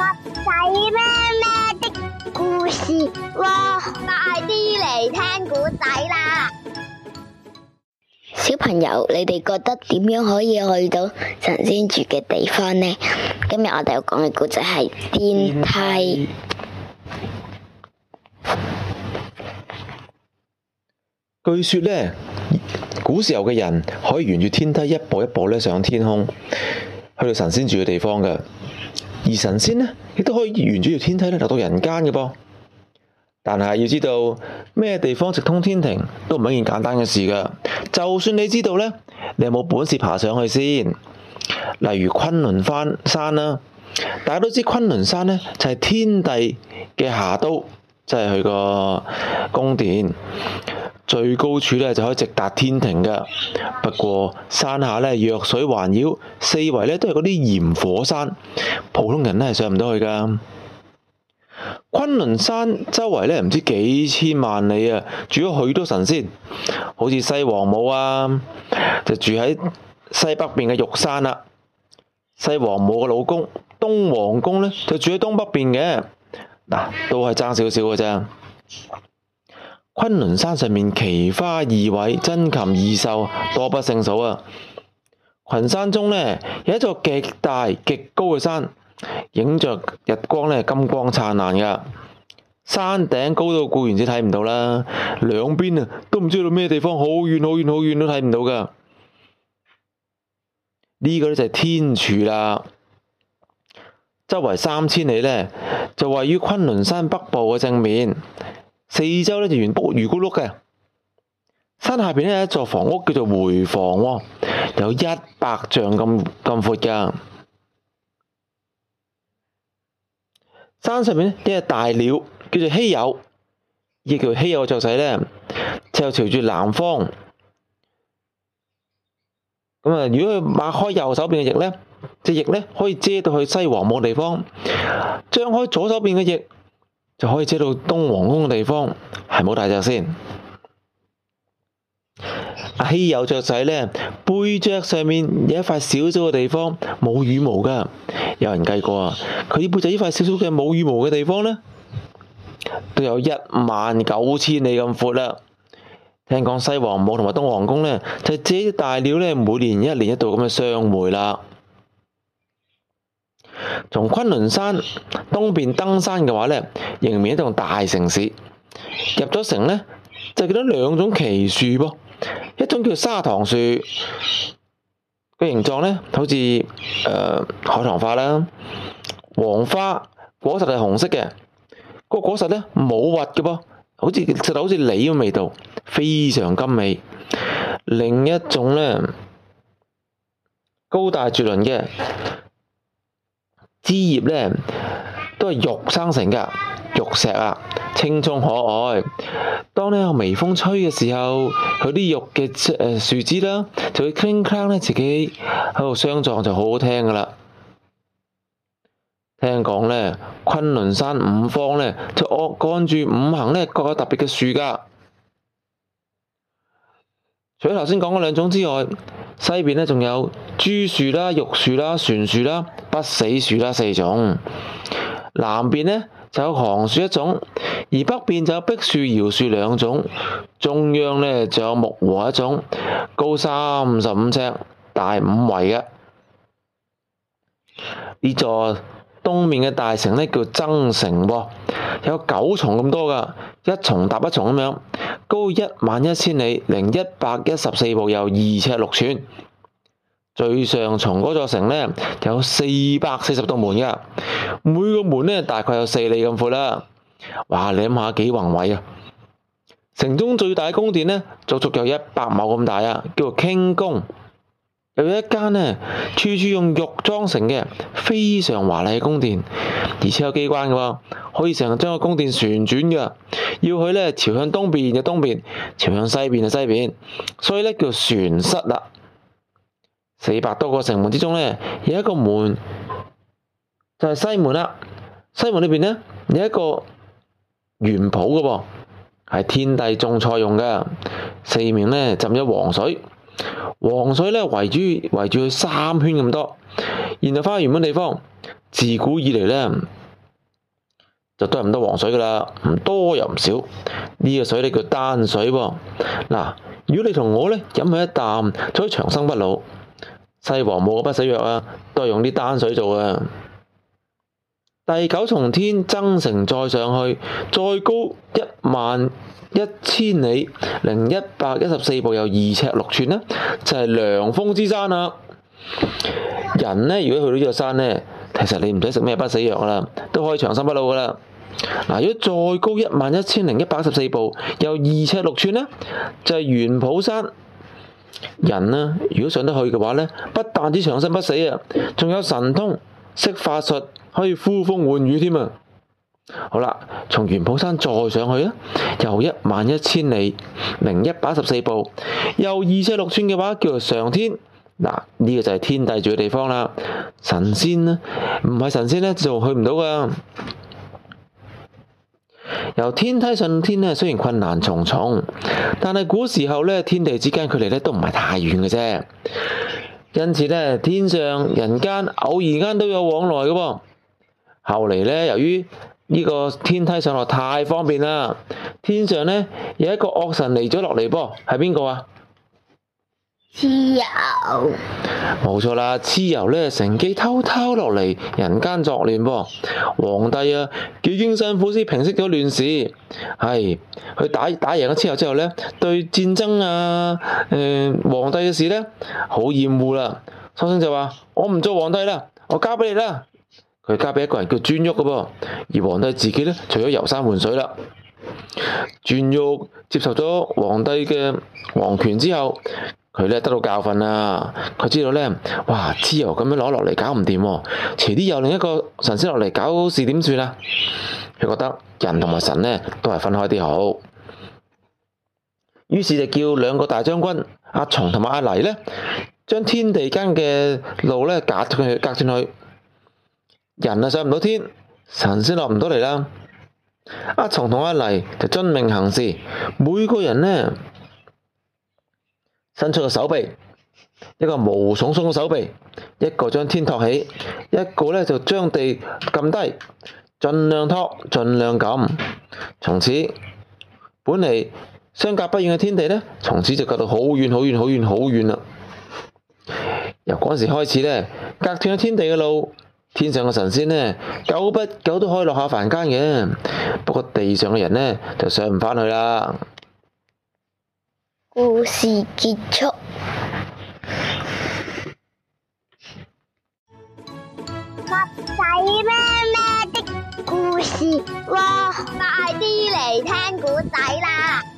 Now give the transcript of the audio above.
仔咩咩的故事喎！快啲嚟聽古仔啦！小朋友，你哋覺得點樣可以去到神仙住嘅地方呢？今日我哋要講嘅故仔係天梯。據說呢，古時候嘅人可以沿住天梯一步一步咧上天空，去到神仙住嘅地方嘅。而神仙呢，亦都可以沿住條天梯呢，落到人間嘅噃。但係要知道咩地方直通天庭，都唔係一件簡單嘅事㗎。就算你知道呢，你有冇本事爬上去先？例如昆崙山山啦，大家都知昆崙山呢，就係天帝嘅下都，即係佢個宮殿。最高處咧，就可以直達天庭噶，不過山下咧，弱水環繞，四圍咧都係嗰啲炎火山，普通人咧係上唔到去噶。昆崙山周圍咧唔知幾千萬里啊，住咗許多神仙，好似西王母啊，就住喺西北邊嘅玉山啦、啊。西王母嘅老公東王公咧就住喺東北邊嘅，嗱、啊、都係爭少少嘅啫。昆侖山上面奇花異卉、珍禽異獸多不勝數啊！群山中呢，有一座極大極高嘅山，映着日光呢金光燦爛噶。山頂高到固然之睇唔到啦，兩邊啊都唔知道咩地方，好遠好遠好遠都睇唔到噶。呢個呢就係天柱啦，周圍三千里呢，就位於昆侖山北部嘅正面。四周呢就圓碌如咕碌嘅，山下邊呢有一座房屋叫做回房喎，有一百丈咁咁闊噶。闊山上面呢一隻大鳥，叫做稀有，亦叫稀有雀仔呢，就朝住南方。咁啊，如果佢擘開右手邊嘅翼呢，隻翼呢可以遮到去西王母地方，張開左手邊嘅翼，就可以借到東皇宮嘅地方，係冇大隻先。阿稀有雀仔咧，背脊上面有一塊小小嘅地方，冇羽毛噶。有人計過啊，佢啲背脊呢塊小小嘅冇羽毛嘅地方咧，都有一萬九千里咁闊啦。聽講西王母同埋東皇宮咧，就借啲大鳥咧，每年一年一度咁嘅相會啦。從昆侖山東邊登山嘅話咧，迎面一棟大城市。入咗城咧，就見到兩種奇樹噃，一種叫沙糖樹，個形狀咧好似誒、呃、海棠花啦，黃花，果實係紅色嘅，個果實咧冇核嘅噃，好似食到好似梨咁味道，非常甘美。另一種咧，高大絕倫嘅。枝葉咧都係玉生成噶，玉石啊，青蔥可愛。當你有微風吹嘅時候，佢啲玉嘅誒樹枝啦，就會鏗鏗咧自己喺度相撞，就好好聽噶啦。聽講咧，崑崙山五方咧，就按按住五行咧各有特別嘅樹噶。除咗頭先講嘅兩種之外，西邊呢仲有珠樹啦、玉樹啦、璇樹啦、不死樹啦四種，南邊呢就有行樹一種，而北邊就有碧樹、瑤樹兩種，中央呢就有木禾一種，高三十五尺，大五圍嘅呢座。東面嘅大城呢，叫增城，有九重咁多噶，一重搭一重咁樣，高一萬一千里零一百一十四步有二尺六寸。最上重嗰座城呢，有四百四十道門嘅，每個門呢，大概有四里咁闊啦。哇，你諗下幾宏偉啊！城中最大嘅宮殿呢，足足有一百畝咁大啊，叫做傾宮。有一間呢，處處用玉裝成嘅非常華麗嘅宮殿，而且有機關嘅，可以成日將個宮殿旋轉嘅。要去咧朝向東邊就東邊，朝向西邊就西邊，所以呢叫旋室啦。四百多個城門之中門、就是、門門呢，有一個門就係西門啦。西門裏邊呢有一個園圃嘅噃，係天帝種菜用嘅，四面呢浸咗黃水。黃水咧圍住圍住佢三圈咁多，然後翻去原本地方，自古以嚟咧就都係唔得黃水噶啦，唔多又唔少。呢、這個水咧叫丹水喎、哦。嗱，如果你同我咧飲佢一啖，就可以長生不老，西王母嘅不死藥啊，都係用啲丹水做嘅。第九重天增城再上去，再高一萬。一千里零一百一十四步有二尺六寸呢，就係涼風之山啦。人呢，如果去到呢座山呢，其實你唔使食咩不死藥啦，都可以長生不老噶啦。嗱，如果再高一萬一千零一百一十四步有二尺六寸呢，就係玄圃山。人呢，如果上得去嘅話呢，不但止長生不死啊，仲有神通識法術，可以呼風喚雨添啊！好啦，從元埔山再上去啊，又一萬一千里零一百一十四步，又二尺六寸嘅話，叫做上天。嗱，呢、這個就係天帝住嘅地方啦，神仙呢？唔係神仙呢，就去唔到噶。由天梯上天呢，雖然困難重重，但係古時候呢，天地之間距離呢都唔係太遠嘅啫，因此呢，天上人間偶然間都有往來嘅，哦。後嚟呢，由於呢個天梯上落太方便啦！天上呢有一個惡神嚟咗落嚟，噃，係邊個啊？蚩尤，冇錯啦！蚩尤呢，乘機偷偷落嚟人間作亂噃。皇帝啊，幾經辛苦先平息咗亂事。係佢打打贏咗蚩尤之後呢，對戰爭啊，誒、呃，皇帝嘅事呢，好厭惡啦。索性就話：我唔做皇帝啦，我交俾你啦。佢交俾一個人叫顓頊嘅噃，而皇帝自己咧，除咗遊山玩水啦。顓頊接受咗皇帝嘅皇權之後，佢咧得到教訓啦。佢知道咧，哇，蚩尤咁樣攞落嚟搞唔掂，遲啲有另一個神仙落嚟搞事點算啊？佢覺得人同埋神咧都係分開啲好，於是就叫兩個大將軍阿松同埋阿黎咧，將天地間嘅路咧隔出去，隔出去，人啊上唔到天，神仙落唔到嚟啦！阿松同阿嚟就遵命行事，每個人呢伸出個手臂，一個毛聳聳嘅手臂，一個將天托起，一個呢就將地撳低，盡量托，盡量撳。從此，本嚟相隔不遠嘅天地呢，從此就隔到好遠好遠好遠好遠啦。由嗰陣時開始呢，隔斷咗天地嘅路。天上嘅神仙呢，久不久都可以落下凡間嘅，不過地上嘅人呢就上唔返去啦。故事結束。 襪仔咩咩的故事喎，哇快啲嚟聽古仔啦！